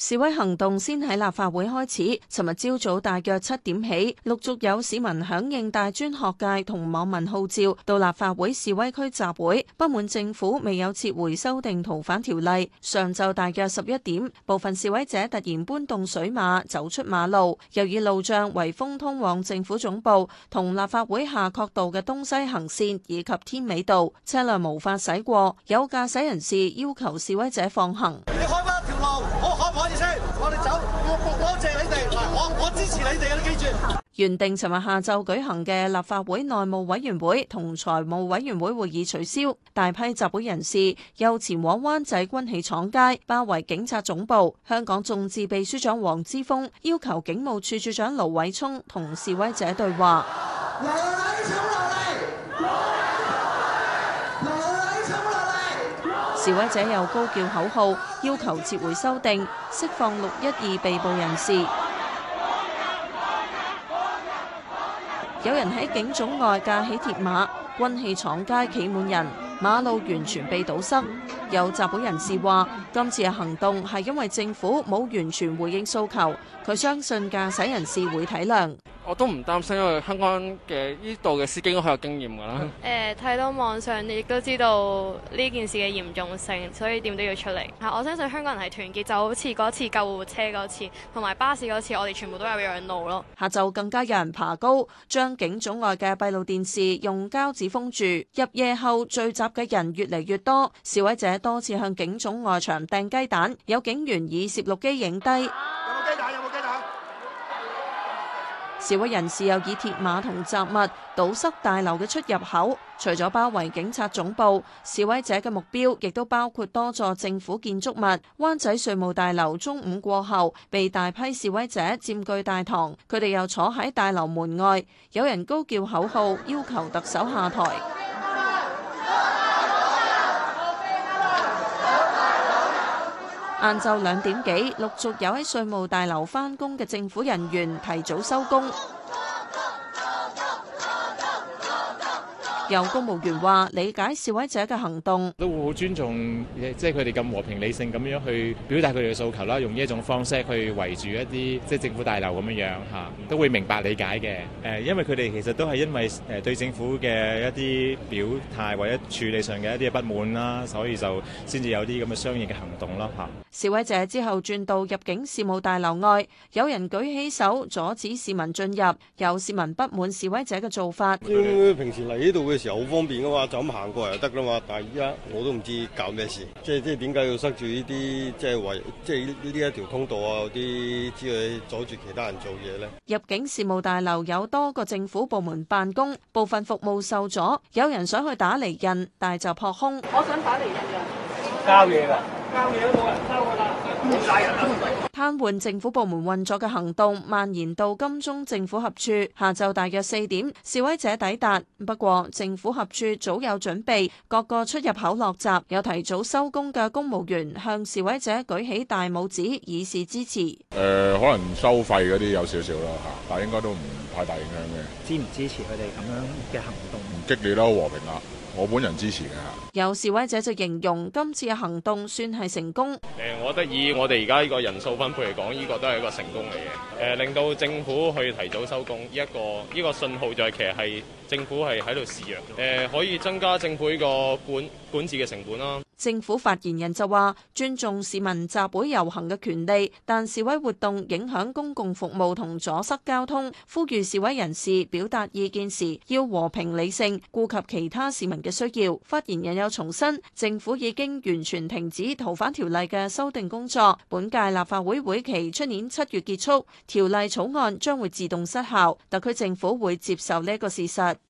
示威行動先喺立法會開始，尋日朝早大約七點起，陸續有市民響應大專學界同網民號召，到立法會示威區集會，不滿政府未有撤回修訂逃犯條例。上晝大約十一點，部分示威者突然搬動水馬，走出馬路，又以路障圍封通往政府總部同立法會夏愨道嘅東西行線以及添美道，車輛無法駛過，有駕駛人士要求示威者放行。支原定尋日下晝舉行嘅立法會內務委員會同財務委員會會議取消，大批集會人士又前往灣仔軍器廠街包圍警察總部。香港眾志秘書長黃之鋒要求警務處處長盧偉聰同示威者對話。盧偉聰落嚟，盧偉聰落嚟。示威者又高叫口號，要求撤回修訂，釋放六一二被捕人士。有人喺警總外架起鐵馬，軍器廠街企滿人，馬路完全被堵塞。有集會人士話：今次嘅行動係因為政府冇完全回應訴求，佢相信駕駛人士會體諒。我都唔擔心，因為香港嘅呢度嘅司機都好有經驗㗎啦。誒、呃，睇到網上亦都知道呢件事嘅嚴重性，所以點都要出嚟。啊，我相信香港人係團結，就好似嗰次，次救護車嗰次，同埋巴士嗰次，我哋全部都有讓路咯。下晝更加有人爬高，將警總外嘅閉路電視用膠紙封住。入夜後聚集嘅人越嚟越多，示威者多次向警總外牆掟雞蛋，有警員以攝錄機影低。啊示威人士又以鐵馬同雜物堵塞大樓嘅出入口，除咗包圍警察總部，示威者嘅目標亦都包括多座政府建築物。灣仔稅務大樓中午過後被大批示威者佔據大堂，佢哋又坐喺大樓門外，有人高叫口號，要求特首下台。晏晝兩點幾，陸續有喺稅務大樓返工嘅政府人員提早收工。有公務員話理解示威者嘅行動，都會好尊重，即係佢哋咁和平理性咁樣去表達佢哋嘅訴求啦，用呢一種方式去圍住一啲即係政府大樓咁樣樣嚇，都會明白理解嘅。誒，因為佢哋其實都係因為誒對政府嘅一啲表態或者處理上嘅一啲不滿啦，所以就先至有啲咁嘅相應嘅行動咯嚇。示威者之後轉到入境事務大樓外，有人舉起手阻止市民進入，有市民不滿示威者嘅做法。要平時嚟呢度嘅時候好方便噶嘛，就咁行過嚟就得噶嘛。但係而家我都唔知搞咩事，即係即係點解要塞住呢啲即係圍，即係呢呢一條通道啊，啲之類阻住其他人做嘢咧。入境事務大樓有多個政府部門辦公，部分服務受阻，有人想去打釐印，但就撲空。我想打釐印啊！交嘢㗎，交嘢都冇人收㗎啦。癱瘓 政府部門運作嘅行動蔓延到金鐘政府合署，下晝大約四點，示威者抵達。不過政府合署早有準備，各個出入口落閘，有提早收工嘅公務員向示威者舉起大拇指以示支持。誒、呃，可能收費嗰啲有少少啦吓，但應該都唔太大影響嘅。支唔支持佢哋咁樣嘅行動？唔激烈啦，和平啦。我本人支持嘅。有示威者就形容今次嘅行動算係成功。誒、呃，我覺得以我哋而家呢個人數分配嚟講，呢、這個都係一個成功嚟嘅嘢。令到政府去提早收工，呢、這、一個呢、這個信號就係其實係政府係喺度示弱。誒、呃，可以增加政府呢個管管治嘅成本咯。政府發言人就話：尊重市民集會遊行嘅權利，但示威活動影響公共服務同阻塞交通，呼籲示威人士表達意見時要和平理性，顧及其他市民嘅需要。發言人又重申，政府已經完全停止逃犯條例嘅修訂工作，本屆立法會會期出年七月結束，條例草案將會自動失效，特區政府會接受呢個事實。